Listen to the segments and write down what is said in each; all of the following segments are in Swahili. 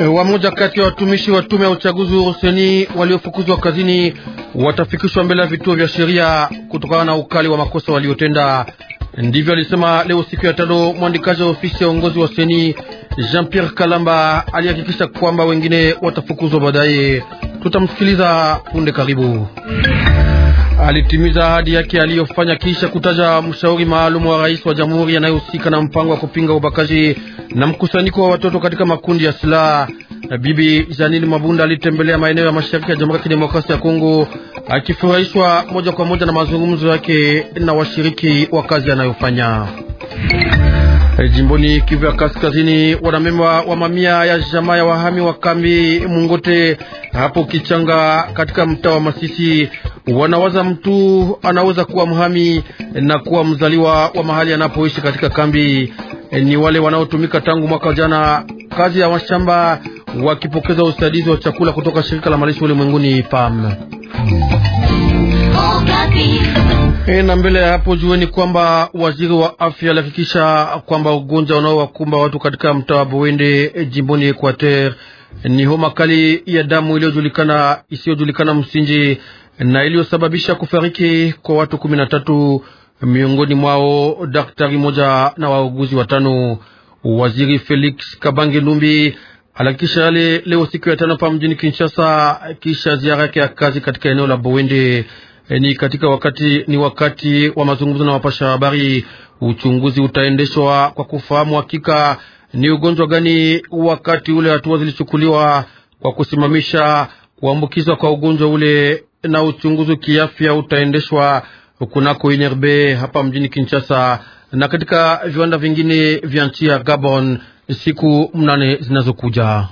E, eh, wamoja kati ya watumishi wa tume ya uchaguzi uruseni waliofukuzwa kazini watafikishwa mbele ya vituo vya sheria kutokana na ukali wa makosa waliotenda. Ndivyo alisema leo siku ya tano mwandikaji wa ofisi ya uongozi wa seni Jean Pierre Kalamba alihakikisha kwamba wengine watafukuzwa baadaye. Tutamsikiliza punde. Karibu alitimiza ahadi yake aliyofanya kisha kutaja mshauri maalum wa rais wa jamhuri anayehusika na mpango wa kupinga ubakaji na mkusanyiko wa watoto katika makundi ya silaha. Bibi Janine Mabunda alitembelea maeneo ya mashariki ya Jamhuri ya Kidemokrasia ya Kongo akifurahishwa moja kwa moja na mazungumzo yake na washiriki wa kazi anayofanya. Eh, jimboni Kivu ya Kaskazini, wanamemba wa mamia ya jamaa ya wahami wa kambi Mungote hapo Kichanga katika mtaa wa Masisi wanawaza mtu anaweza kuwa mhami na kuwa mzaliwa wa mahali anapoishi katika kambi. E, ni wale wanaotumika tangu mwaka jana kazi ya mashamba, wakipokeza usaidizi wa chakula kutoka shirika la malisho ulimwenguni PAM. E, na mbele ya hapo jueni kwamba waziri wa afya alihakikisha kwamba ugonjwa unaowakumba watu katika mtaa wa Bowende e, jimboni Equateur ni homa kali ya damu iliyojulikana isiyojulikana msingi na iliyosababisha kufariki kwa watu kumi na tatu, miongoni mwao daktari moja na wauguzi watano. Waziri Felix Kabange Numbi alihakikisha yale leo siku ya tano pa mjini Kinshasa, kisha ziara yake ya kazi katika eneo la Bowende. E, ni katika wakati ni wakati wa mazungumzo na wapasha habari. Uchunguzi utaendeshwa kwa kufahamu hakika ni ugonjwa gani, wakati ule hatua zilichukuliwa kwa kusimamisha kuambukizwa kwa ugonjwa ule na uchunguzi kiafya utaendeshwa kunako Inerbe hapa mjini Kinshasa na katika viwanda vingine vya nchi ya Gabon siku mnane zinazokuja.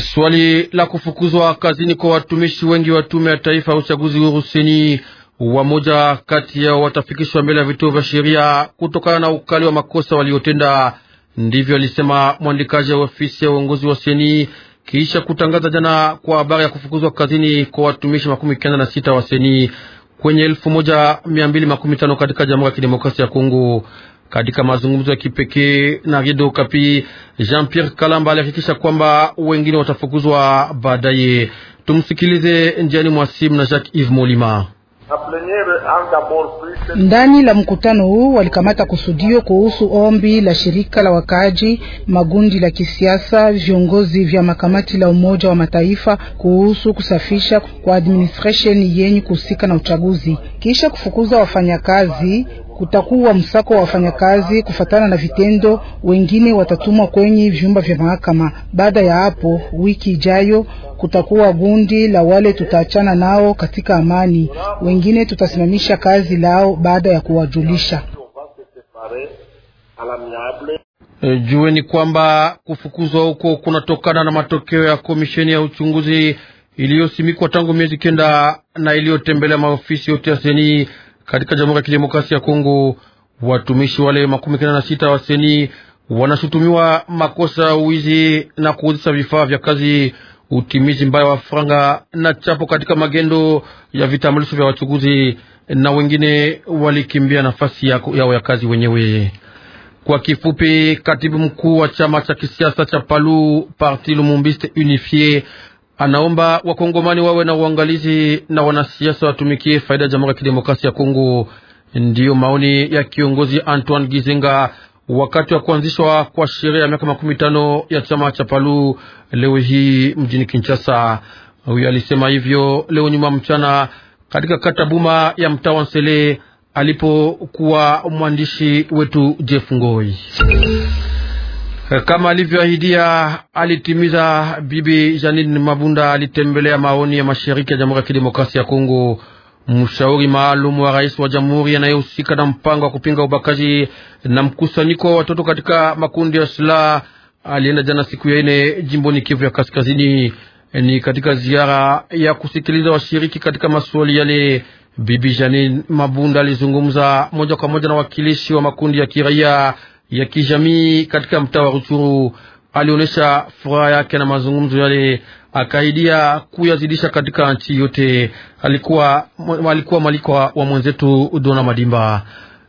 Swali la kufukuzwa kazini kwa watumishi wengi wa tume ya taifa ya uchaguzi huru seni, wamoja kati yao watafikishwa mbele ya vituo vya sheria kutokana na ukali wa makosa waliotenda. Ndivyo alisema mwandikaji wa ofisi ya uongozi wa seni kisha kutangaza jana kwa habari ya kufukuzwa kazini kwa watumishi makumi kenda na sita wa seni kwenye elfu moja mia mbili makumi tano katika Jamhuri ya Kidemokrasia ya Kongo. Katika mazungumzo ya kipekee na Redio Kapi, Jean Pierre Kalamba alihakikisha kwamba wengine watafukuzwa baadaye. Tumsikilize njiani mwa simu na Jacques Yves Molima. Ndani la mkutano huu walikamata kusudio kuhusu ombi la shirika la wakaaji, magundi la kisiasa, viongozi vya makamati la Umoja wa Mataifa kuhusu kusafisha kwa administration yenye kuhusika na uchaguzi kisha kufukuza wafanyakazi kutakuwa msako wa wafanyakazi kufatana na vitendo. Wengine watatumwa kwenye vyumba vya mahakama. Baada ya hapo, wiki ijayo kutakuwa gundi la wale tutaachana nao katika amani, wengine tutasimamisha kazi lao baada ya kuwajulisha. E, jueni kwamba kufukuzwa huko kunatokana na matokeo ya komisheni ya uchunguzi iliyosimikwa tangu miezi kenda na iliyotembelea maofisi yote ya seni katika Jamhuri ya Kidemokrasia ya Kongo. Watumishi wale makumi kenda na sita wa seni wanashutumiwa makosa ya uwizi na kuuzisha vifaa vya kazi utimizi mbaya wa franga na chapo katika magendo ya vitambulisho vya wachukuzi na wengine walikimbia nafasi yao ya, ya kazi wenyewe. Kwa kifupi, katibu mkuu wa chama cha kisiasa cha Palu Parti Lumumbiste Unifie anaomba wakongomani wawe na uangalizi na wanasiasa watumikie faida ya Jamhuri ya Kidemokrasia ya Kongo. Ndiyo maoni ya kiongozi Antoine Gizenga wakati wa kuanzishwa kwa sherehe ya miaka makumi tano ya chama cha Palu leo hii mjini Kinshasa. Huyo alisema hivyo leo nyuma mchana katika kata Buma ya mtaa wa Nsele alipokuwa mwandishi wetu Jeff Ngoi. Kama alivyoahidia alitimiza. Bibi Janine Mabunda alitembelea maoni ya mashariki ya Jamhuri ya Kidemokrasia ya Kongo. Mshauri maalum wa rais wa jamhuri anayehusika na mpango wa kupinga ubakaji na mkusanyiko wa watoto katika makundi ya silaha alienda jana siku ya ine jimboni Kivu ya Kaskazini. Ni katika ziara ya kusikiliza washiriki katika masuali yale. Bibi Janine Mabunda alizungumza moja kwa moja na wakilishi wa makundi ya kiraia ya kijamii katika mtaa wa Ruchuru. Alionyesha furaha yake na mazungumzo yale akaidia kuyazidisha katika nchi yote. Alikuwa alikuwa mwalikwa wa mwenzetu Dona Madimba.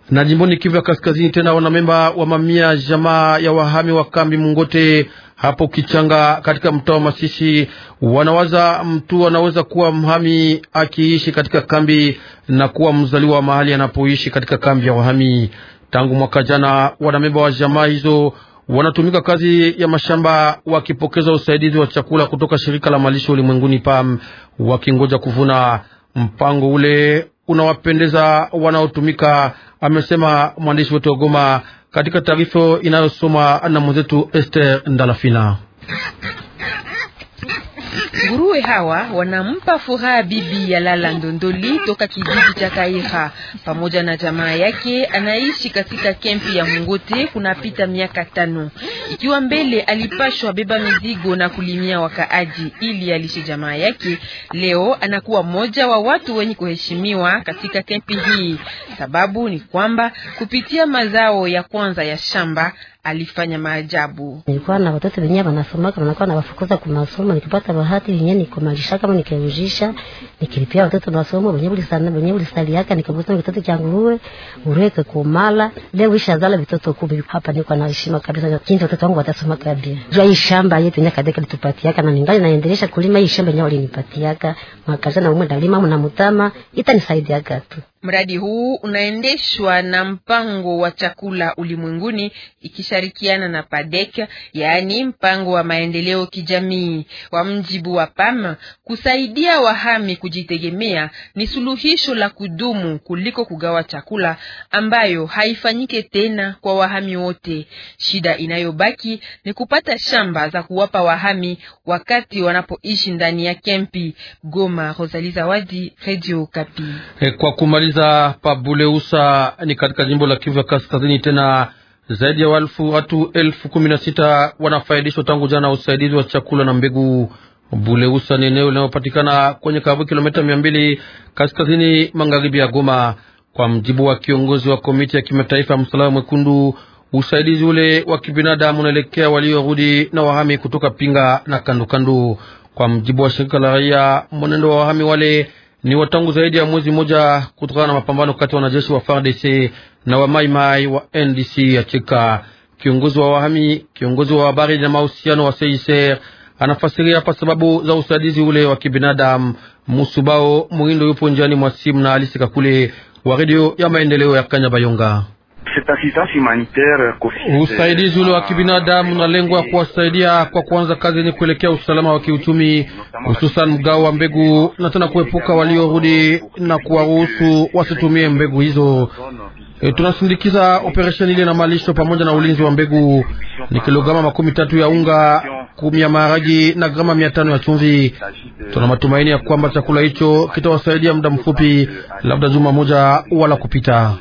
Na jimboni Kivu ya Kaskazini, tena wanamemba wa mamia jamaa ya wahami wa kambi Mungote hapo Kichanga katika mtaa wa Masisi wanawaza mtu anaweza kuwa mhami akiishi katika kambi na kuwa mzaliwa mahali anapoishi katika kambi ya wahami. Tangu mwaka jana wanamemba wa jamaa hizo wanatumika kazi ya mashamba wakipokeza usaidizi wa chakula kutoka shirika la malisho ulimwenguni PAM, wakingoja kuvuna. Mpango ule unawapendeza wanaotumika, amesema mwandishi wetu wa Goma katika taarifa inayosoma na mwenzetu Esther Ndalafina. Nguruwe hawa wanampa furaha bibi ya Lala Ndondoli toka kijiji cha Kaira pamoja na jamaa yake, anaishi katika kempi ya Mungote kunapita miaka tano, ikiwa mbele alipashwa beba mizigo na kulimia wakaaji ili alishe jamaa yake. Leo anakuwa mmoja wa watu wenye kuheshimiwa katika kempi hii. Sababu ni kwamba kupitia mazao ya kwanza ya shamba alifanya maajabu. Nilikuwa na watoto wenyewe wanasomaka, wanakuwa na wafukuza kwa masomo, nikipata bahati yenyewe nikomalisha kama nikiujisha, nikilipia watoto masomo wenyewe ulisana wenyewe ulisali yake, nikagusa kitoto cha nguruwe ureke kumala leo isha zala vitoto kumi hapa. Niko na heshima kabisa na kinzi watoto wangu watasoma kabisa. jua hii shamba yetu yenyewe kadeka litupatia kana ningali naendelesha kulima hii shamba yenyewe walinipatia ka mwakaza na umo dalima na mutama itanisaidia tu. Mradi huu unaendeshwa na mpango wa chakula ulimwenguni ikisha kushirikiana na PADEC, yaani mpango wa maendeleo kijamii. Kwa mjibu wa PAM, kusaidia wahami kujitegemea ni suluhisho la kudumu kuliko kugawa chakula ambayo haifanyike tena kwa wahami wote. Shida inayobaki ni kupata shamba za kuwapa wahami wakati wanapoishi ndani ya kempi. Goma, Rosalie Zawadi, Radio Kapi. Eh, kwa kumaliza, Pabuleusa ni katika jimbo la Kivu ya Kaskazini tena zaidi ya walfu, watu elfu kumi na sita wanafaidishwa tangu jana usaidizi wa chakula na mbegu. Buleusa ni eneo linalopatikana kwenye karibu kilomita mia mbili kaskazini magharibi ya Goma. Kwa mjibu wa kiongozi wa komiti ya kimataifa ya Msalaba Mwekundu, usaidizi ule wa kibinadamu unaelekea waliorudi na wahami kutoka Pinga na kandokando. Kwa mjibu wa shirika la raia, mwenendo wa wahami wale ni watangu zaidi ya mwezi mmoja kutokana na mapambano kati ya wanajeshi wa FARDC na wa Mai wa NDC ya Cheka. Kiongozi wa wahami, kiongozi wa habari na mahusiano wa CICR anafasiria hapa sababu za usaidizi ule wa kibinadamu. Musubao Muindo yupo njiani mwa simu na Alisi Kakule wa redio ya maendeleo ya kanya bayonga Euh, Usaidizi ule wa ah, kibinadamu unalengwa kuwasaidia kwa kuanza kazi yenye kuelekea usalama wa kiuchumi, hususan mgao wa mbegu na tena kuepuka waliorudi na kuwaruhusu wasitumie mbegu hizo. E, tunasindikiza operesheni ile na malisho pamoja na ulinzi wa mbegu. Ni kilograma makumi tatu ya unga kumi ya maharagi na grama mia tano ya chumvi. Tuna matumaini ya kwamba chakula hicho kitawasaidia muda mfupi, labda juma moja wala kupita.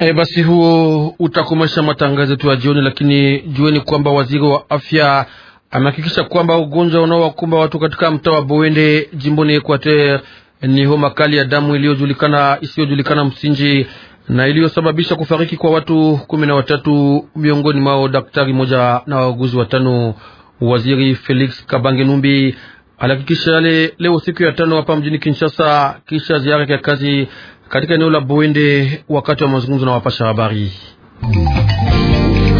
E, basi huo utakomesha matangazo yetu ya jioni, lakini jueni kwamba waziri wa afya amehakikisha kwamba ugonjwa unaowakumba watu katika mtaa wa Bowende jimboni Equateur ni homa kali ya damu iliyojulikana isiyojulikana msingi na iliyosababisha kufariki kwa watu kumi na watatu, miongoni mwao daktari moja na wauguzi watano. Waziri Felix Kabange Numbi alihakikisha yale leo siku ya tano hapa mjini Kinshasa, kisha ziara ya kazi katika eneo la Bwende, wakati wa mazungumzo na wapasha habari.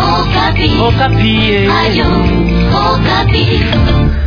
Okapi. Okapi. Eh.